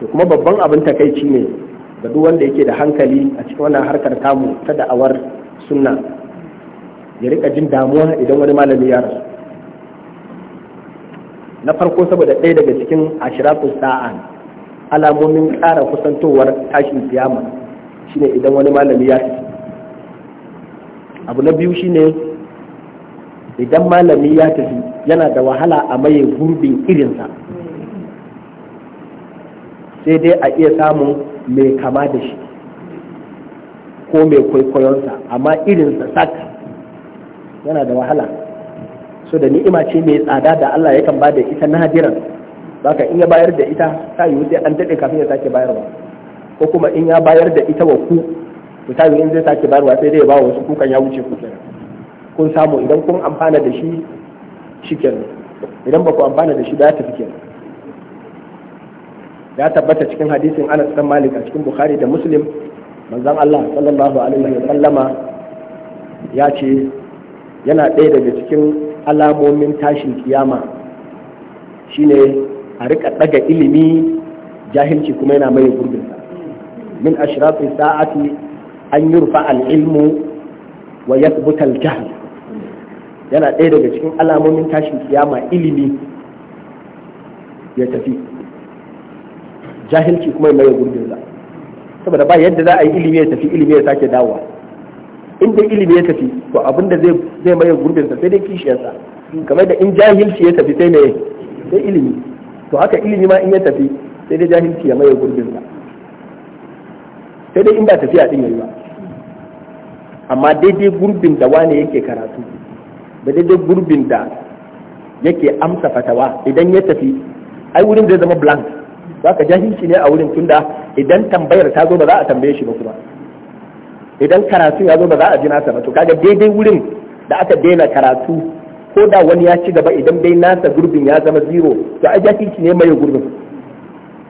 to kuma babban abin takaici ne ga duk wanda yake da hankali a cikin wannan harkar tamu ta da'awar sunna ya rika jin damuwa idan wani malami ya rasu na farko saboda ɗaya daga cikin ashiratun sa'a alamomin ƙara kusantowar tashin siyama shine idan wani malami ya rasu abu na biyu shine idan malami ya tafi yana da wahala a maye gurbin irinsa sai dai a iya samun mai kama da shi ko mai kwaikwayonsa amma irinsa sak yana da wahala so da ni'ima ce mai tsada da Allah yakan ba da ita nadiran ba in ya bayar da ita ta yiwu sai an daɗe kafin ya sake bayarwa ko kuma in ya bayar da ita wa ku to ta yiwu in zai sake bayarwa sai dai ya ba wasu kukan ya wuce ku kun samu idan kun amfana da shi kenan idan ba ku amfana da shi da ya tafi kenan ya tabbata cikin hadisin Anas dan Malik a cikin Bukhari da Muslim manzon Allah sallallahu alaihi wa ya ce yana ɗaya daga cikin alamomin tashin kiyama shine a rika daga ilimi jahilci kuma yana mai gurbinsa min ashrafi sa'ati an yurfa al-ilmu wa yathbuta al-jahl yana ɗaya daga cikin alamomin tashin kiyama ilimi ya tafi jahilci kuma ya maye gurbin za saboda ba yadda za a yi ilimi ya tafi ilimi ya sake dawowa in dai ilimi ya tafi to abin da zai zai maye gurbin sa sai dai kishiyarsa kamar da in jahilci ya tafi sai me sai ilimi to haka ilimi ma in ya tafi sai dai jahilci ya maye gurbin sa sai dai in ba tafiya din yayi ba amma daidai gurbin da wane yake karatu da daidai gurbin da yake amsa fatawa idan ya tafi ai wurin zai zama blank zaka jahilci ne a wurin tunda idan tambayar ta zo ba za a tambaye shi ba kuma idan karatu ya zo ba za a ji nasa ba to kaga daidai wurin da aka daina karatu ko da wani ya ci gaba idan dai nasa gurbin ya zama zero to a jahilci ne mai gurbin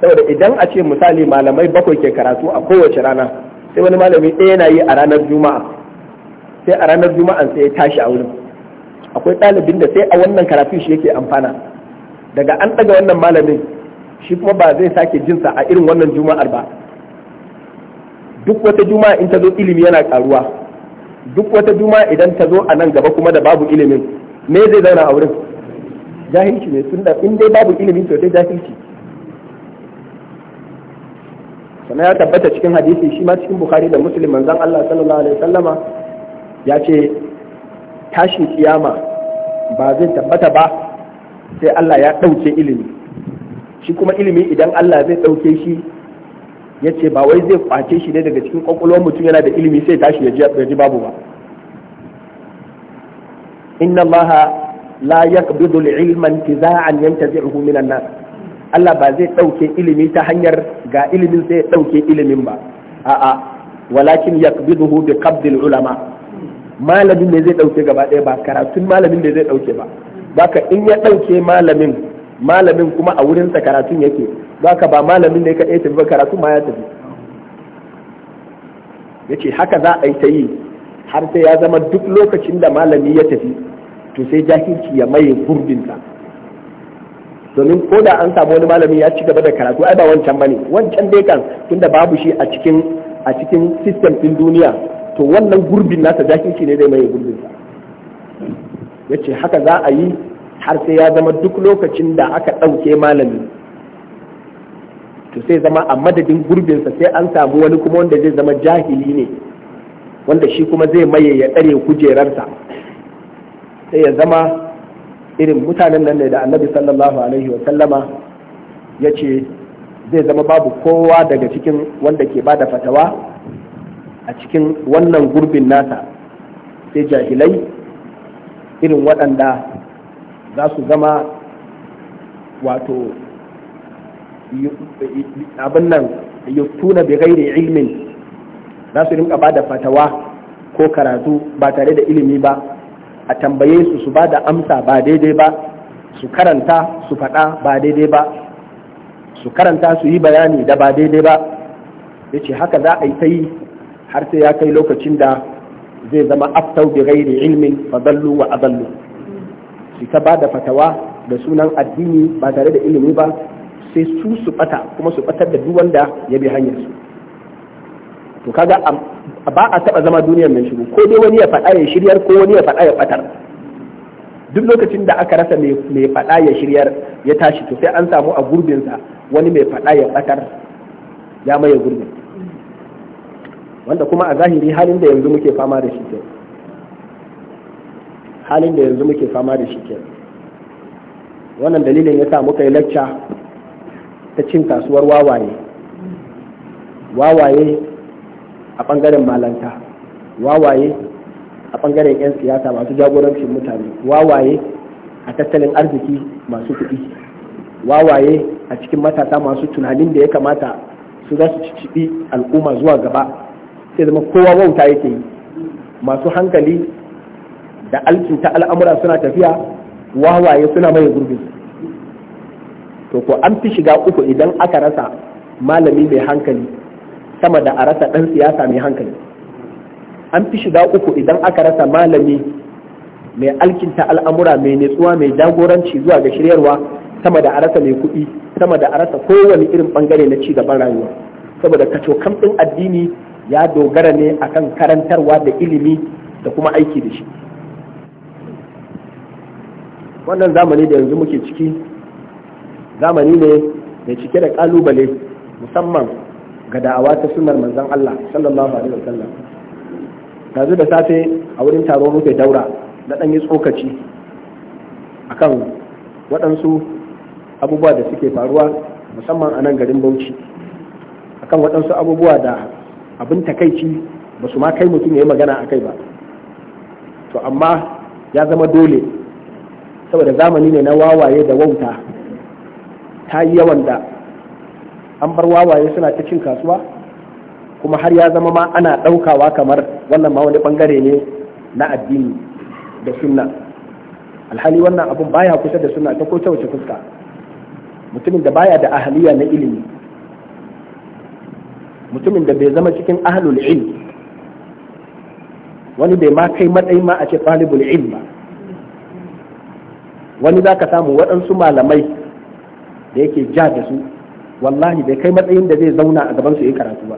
saboda idan a ce misali malamai bakwai ke karatu a kowace rana sai wani malami ɗaya na yi a ranar juma'a sai a ranar juma'a sai ya tashi a wurin akwai ɗalibin da sai a wannan karatu shi yake amfana daga an ɗaga wannan malamin shi kuma ba zai sake jinsa a irin wannan juma'ar ba duk wata juma'a in ta zo ilimi yana karuwa duk wata juma'a idan ta zo a nan gaba kuma da babu ilimin me zai zauna a wurin jahilci ne tunda in dai babu ilimin to dai jahilci Kana ya tabbata cikin hadisi shi ma cikin bukhari da muslim manzon Allah sallallahu alaihi wasallama ya ce tashin kiyama ba zai tabbata ba sai Allah ya ɗauke ilimi shi kuma ilimi idan Allah zai ɗauke shi ya ce ba wai zai kwace shi ne daga cikin ƙwaƙwalwar mutum yana da ilimi sai tashi ya ji babu ba inna Allah la yaqbidu al-ilma intiza'an yantazi'uhu min an-nas Allah ba zai ɗauke ilimi ta hanyar ga ilimin sai ya ɗauke ilimin ba a'a walakin yaqbiduhu bi qabdi ulama malamin ne zai ɗauke gaba ɗaya ba karatun malamin ne zai ɗauke ba baka in ya ɗauke malamin malamin kuma a wurinsa karatun yake za ka ba malamin ne kaɗai tafi ba karatun ma ya tafi ya ce haka za a yi ta yi har sai ya zama duk lokacin da malami ya tafi to sai jahilci ya maye gurbinsa domin ko da an samu wani malami ya ci gaba da karatu ai ba wancan bane wancan dai kan tunda babu shi a cikin a cikin system din duniya to wannan gurbin nasa jahilci ne zai maye gurbinsa ya ce haka za a yi har sai ya zama duk lokacin da aka ɗauke malami to sai zama a madadin gurbinsa sai an samu wani kuma wanda zai zama jahili ne wanda shi kuma zai maye ya tsare kujerarsa sai ya zama irin mutanen nan ne da annabi sallallahu alaihi wa sallama ya ce zai zama babu kowa daga cikin wanda ke ba da fatawa a cikin wannan gurbin nasa sai jahilai irin waɗanda za su zama wato abin nan yuktuna bi ghairi ilmin za su rinka bada fatawa ko karatu ba tare da ilimi ba a tambaye su su bada amsa ba daidai ba su karanta su faɗa ba daidai ba su karanta su yi bayani da ba daidai ba ya ce haka za a yi ta yi har sai ya kai lokacin da zai zama aftau bi ghairi ilmin fadallu wa adallu su ta ba da fatawa da sunan addini ba tare da ilimi ba sai su su bata kuma su batar da duk wanda ya bi hanyar su to kaga ba a taba zama duniyar nan shigo ko dai wani ya fada ya shiryar ko wani ya fada ya batar duk lokacin da aka rasa mai fada ya shiryar ya tashi to sai an samu a gurbinsa wani mai fada ya batar ya maye gurbin wanda kuma a zahiri halin da yanzu muke fama da shi kenan halin da yanzu muke fama da shi kenan wannan dalilin ya sa muka yi lacca ta cin kasuwar wawaye wawaye a ɓangaren malanta wawaye a ɓangaren 'yan siyasa masu jagorancin mutane wawaye a tattalin arziki masu kuɗi wawaye a cikin matasa masu tunanin da ya kamata su za su al'umma zuwa gaba sai zama kowa wauta yake yi masu hankali da alkinta al'amura suna tafiya wawaye suna mai gurbin to ko an fi shiga uku idan aka rasa malami mai hankali sama da a rasa ɗan siyasa mai hankali an fi shiga uku idan aka rasa malami mai alkinta al'amura mai nutsuwa mai jagoranci zuwa ga shiryarwa sama da a rasa mai kuɗi sama da a rasa kowane irin bangare na ci gaban rayuwa saboda kacokam addini ya dogara ne akan karantarwa da ilimi da kuma aiki da shi wannan zamani da yanzu muke ciki zamani ne mai cike da kalubale musamman ga da'awa ta sunar manzon Allah sallallahu alaihi sallam yanzu da safe a wurin taron rufe daura na dan yi tsokaci akan waɗansu abubuwa da suke faruwa musamman a nan garin Bauchi akan waɗansu abubuwa da abin takaici ba su ma kai mutum ya yi magana a kai ba to amma ya zama dole saboda zamani ne na wawaye da wauta ta yi yawan da an bar wawaye suna ta cin kasuwa kuma har ya zama ma ana ɗaukawa kamar wannan ma wani ɓangare ne na addini da sunna alhali wannan abun baya kusa da sunna ta ko ta wace fuska mutumin da baya da ahaliya na ilimi mutumin da bai zama cikin ahlul ilm wani bai ma kai matsayin ma a ce ɗalibul ilm ba wani za ka samu waɗansu malamai da yake ja da su wallahi bai kai matsayin da zai zauna a gaban su yi karatu ba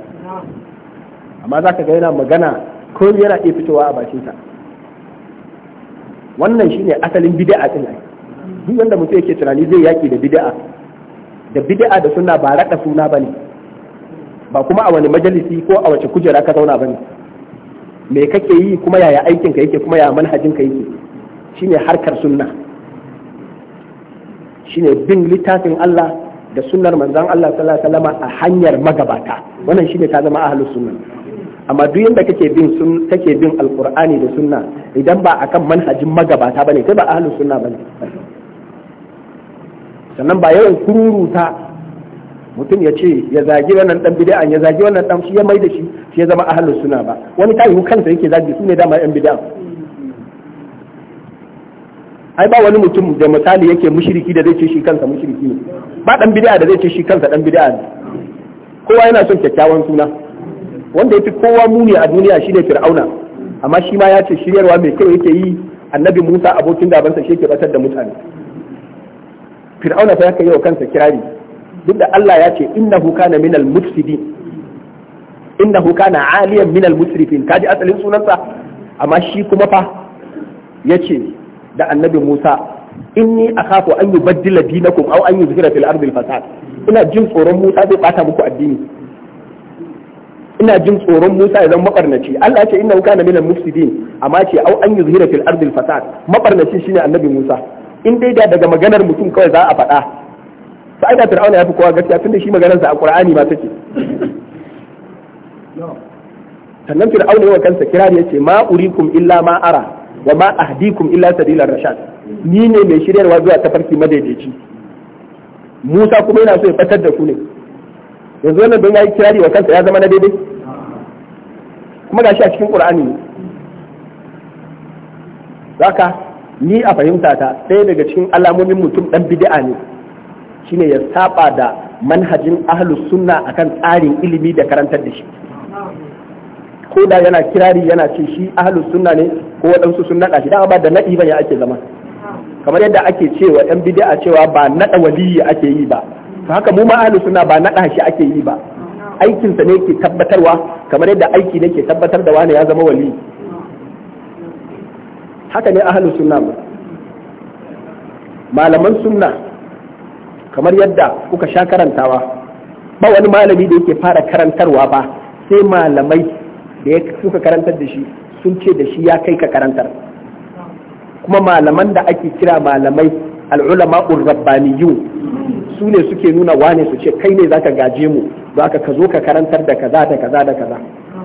amma za ka ga yana magana ko yana iya fitowa a bakinsa wannan shine asalin bid'a din ai duk wanda mutum yake tunani zai yaki da bid'a da bid'a da sunna ba raka suna bane ba kuma a wani majalisi ko a wace kujera ka zauna bane me kake yi kuma yaya aikin ka yake kuma yaya manhajin ka yake shine harkar sunna shine bin littafin Allah da sunnar manzon Allah sallallahu a hanyar magabata wannan shine ka zama ahlus sunna amma duk yanda kake bin sun kake da sunna idan ba kan manhajin magabata bane kai ba ahlus sunna bane sannan ba yawan kururuta mutum ya ce ya zagi wannan dan bid'an ya zagi wannan dan shi ya mai da shi shi ya zama ahlus sunna ba wani kai kansa yake zagi ne dama yan bid'an ai ba wani mutum da misali yake mushriki da zai ce shi kansa mushriki ne ba dan bid'a da zai ce shi kansa dan bid'a ne kowa yana son kyakkyawan suna wanda yafi kowa muni a duniya shine fir'auna amma shi ma ya ce shiryarwa mai kyau yake yi annabi Musa abokin gabansa shi yake batar da mutane fir'auna sai yake yi wa kansa kirari duk da Allah ya ce innahu kana minal mufsidin innahu kana aliyan minal musrifin kaji asalin sunansa amma shi kuma fa yace da annabi Musa inni akhafu an yubaddila dinakum aw an yuzhira fil ardi fasad ina jin tsoron Musa zai bata muku addini ina jin tsoron Musa idan zama mabarnaci Allah ya ce innahu kana minal mufsidin amma ce aw an yuzhira fil ardi fasad mabarnaci shine annabi Musa in dai da daga maganar mutum kawai za a faɗa sai da Fir'auna ya fi kowa gaskiya tunda shi maganarsa a Qur'ani ma take sannan fir'auna ya yawa kansa kirari yace ma urikum illa ma ara wa ma ahdikum illa sabilar rashad ni ne mai shiryarwa zuwa tafarki madaidaici Musa kuma yana so ya fatar da ku ne yanzu wannan don yayi kirari wa kansa ya zama na daidai kuma gashi a cikin Qur'ani ne zaka ni a fahimta ta ɗaya daga cikin alamomin mutum dan bid'a ne shine ya saba da manhajin ahlus sunna akan tsarin ilimi da karantar da shi ko da yana kirari yana ce shi ahlus sunna ne ko waɗansu sun naɗa shi ba da naɗi bane ake zama kamar yadda ake cewa yan bid'a cewa ba naɗa waliyi ake yi ba to haka mu ma ahlus sunna ba naɗa shi ake yi ba aikinsa ne ke tabbatarwa kamar yadda aiki ne ke tabbatar da wani ya zama waliyi haka ne ahlus sunna malaman sunna kamar yadda kuka sha karantawa ba wani malami da yake fara karantarwa ba sai malamai da suka karantar da shi sun ce da shi ya kai ka karantar kuma malaman da ake kira malamai al'ulama urrabbaniyun su ne suke nuna wane su ce kai ne zaka gaje mu ba ka zo ka karantar da kaza da kaza da kaza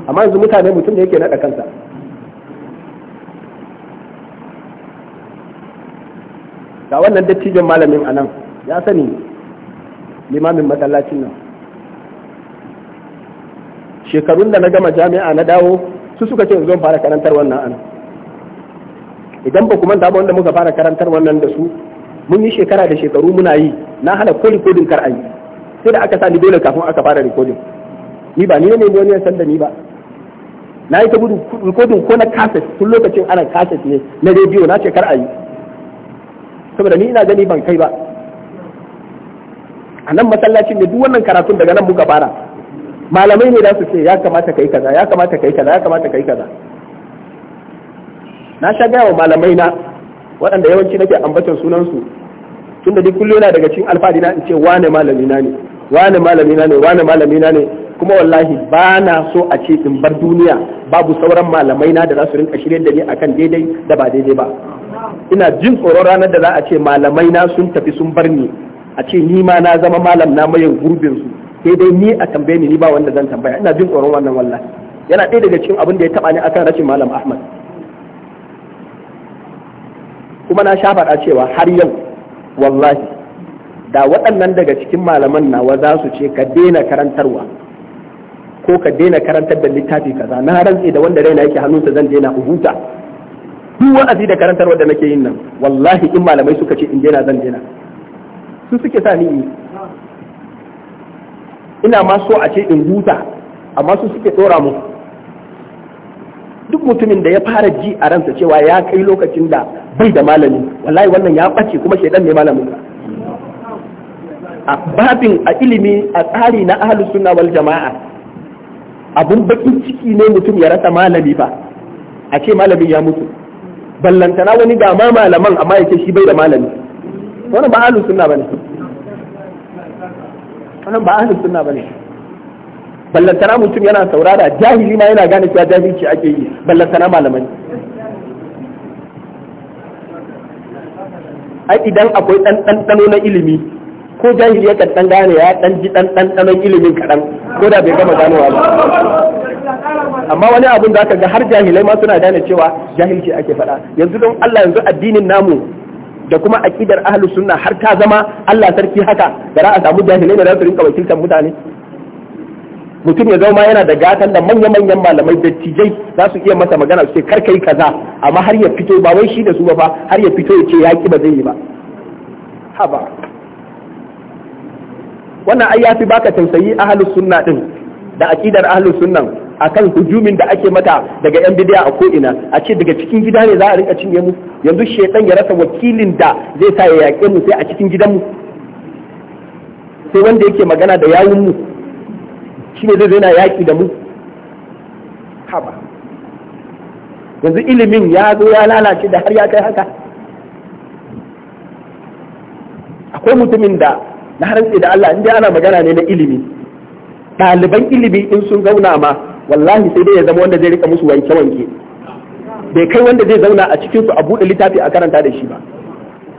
amma yanzu mutane mutum da yake naɗa kansa ga wannan dattijan malamin anan ya sani limamin masallacin nan shekarun da na gama jami'a na dawo su suka ce zo fara karantar wannan an idan ba kuma ba wanda muka fara karantar wannan da su mun yi shekara da shekaru muna yi na hala ko rikodin kar ayi sai da aka sani dole kafin aka fara rikodin ni ba ni ne ne ya san da ni ba na yi ta gudu rikodin ko na cassette tun lokacin ana kafet ne na rediyo na ce kar ayi saboda ni ina gani ban kai ba a nan masallacin ne duk wannan karatun daga nan muka fara malamai ne za su ce ya kamata ka yi kaza ya kamata ka yi kaza ya kamata ka yi kaza na sha gaya wa malamai na waɗanda yawanci nake ambaton sunansu tunda duk kullum yana daga cikin alfahari na in ce wane malami na ne wane malami na ne wane malami na ne kuma wallahi ba na so a ce in bar duniya babu sauran malamai na da za su rinka shirye da ni akan daidai da ba daidai ba ina jin tsoron ranar da za a ce malamai na sun tafi sun bar ni a ce ni ma na zama malam na mayan gurbin su sai dai ni a tambaye ni ni ba wanda zan tambaya ina jin tsoron wannan wallahi yana ɗaya daga cikin abin da ya taɓa ni akan rashin malam ahmad kuma na sha faɗa cewa har yau wallahi da waɗannan daga cikin malaman nawa za su ce ka daina karantarwa ko ka daina karantar da littafi kaza na rantse da wanda raina yake hannunsa zan daina huta duk wa'azi da karantarwa da nake yin nan wallahi in malamai suka ce in daina zan daina su suke sa ni ina ma so a ce in huta amma su suke tsora mu duk mutumin da ya fara ji a ransa cewa ya kai lokacin da bai da malami wallahi wannan ya ɓace kuma shaidan ne malamin a babin a ilimi a tsari na ahalus sunna wal jama'a abun bakin ciki ne mutum ya rasa malami ba a ce malamin ya mutu ballantana wani ga ma malaman amma ya ce shi bai da malami wannan ba ahlus sunna bane wannan ba ahlus sunna bane ballantana mutum yana saurara jahili ma yana gane cewa jahilci ake yi ballantana malamai ai idan akwai dan ɗanɗano na ilimi ko jahili ya dan gane ya dan ji dan ilimin kaɗan ko da bai gama ganowa ba amma wani abin da aka ga har jahilai ma suna gane cewa jahilci ake faɗa yanzu don Allah yanzu addinin namu da kuma aqidar ahlus sunna har ta zama Allah sarki haka da za a samu jahilai da za su rinka wakiltar mutane mutum ya zama yana da gatan da manya-manyan malamai da dattijai za su iya masa magana su ce kar kai kaza amma har ya fito ba wai shi da su ba fa har ya fito ya ce ya ki ba zai yi ba haba wannan ai fi baka tausayi ahlus sunna din da aqidar ahlus sunnan akan hujumin da ake mata daga yan bidiya a ko ina a ce daga cikin gida ne za a rinka cinye mu yanzu shaitan ya rasa wakilin da zai sa ya yaƙe mu sai a cikin gidanmu sai wanda yake magana da yawun mu ne zai na yaƙi da mu haba yanzu ilimin ya zo ya lalace da har ya kai haka akwai mutumin da na harantse da Allah inda ana magana ne na ilimi ɗaliban ilimi in sun zauna ma wallahi sai dai ya zama wanda zai rika musu wanke-wanke bai kai wanda zai zauna a cikinsu a buɗe littafi a karanta da shi ba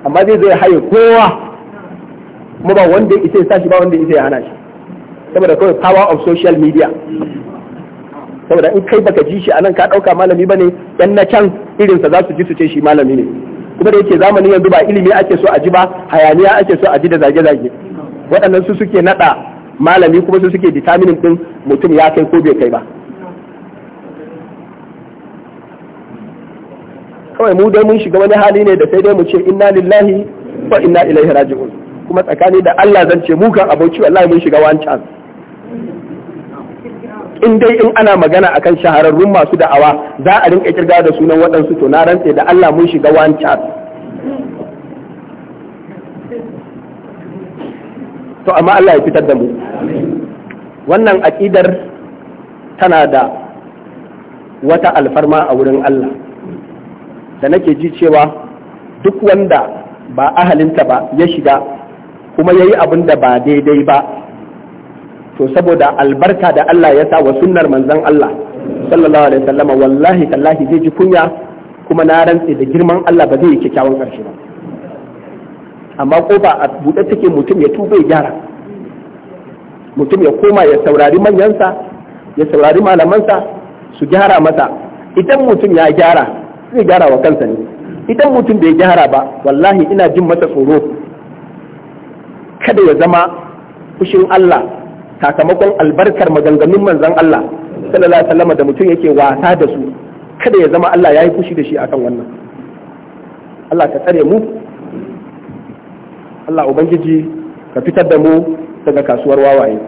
amma zai zai haye kowa kuma ba wanda isa ya shi ba wanda isa ya hana shi saboda kawai power of social media saboda in kai baka ji shi anan ka ɗauka malami bane yan na can irinsa za su ji su ce shi malami ne kuma da yake zamanin yanzu ba ilimi ake so a ji ba hayaniya ake so a ji da zage-zage waɗannan su suke naɗa malami kuma su suke determining ɗin mutum ya kai ko bai kai ba kawai mu dai mun shiga wani hali ne da sai dai mu ce inna lillahi wa inna ilaihi raji'un kuma tsakani da Allah zan ce mu kan aboki wallahi mun shiga wani chance in dai in ana magana akan shahararrun masu da'awa za a rinka kirga da sunan waɗansu to na rantse da Allah mun shiga wani chance to amma Allah ya fitar da mu wannan aƙidar tana da wata alfarma a wurin Allah da nake ji cewa duk wanda ba ahalinta ba ya shiga kuma ya yi abin da ba daidai ba to saboda albarka da Allah ya sa wa sunnar manzan Allah sallallahu alaihi wasallama wallahi tallahi zai ji kunya kuma na rantse da girman Allah ba zai yi kyakkyawan karshe ba amma ko ba a buɗe take mutum ya tuba ya gyara mutum ya koma ya saurari manyansa ya saurari malamansa su gyara masa idan mutum ya gyara zai gyara wa kansa ne idan mutum bai gyara ba wallahi ina jin masa tsoro kada ya zama fushin Allah sakamakon albarkar maganganun manzan Allah sallallahu alaihi wasallam da mutum yake wasa da su kada ya zama Allah ya yi fushi da shi akan wannan Allah ka tsare mu Allah ubangiji ka fitar da mu daga kasuwar wawaye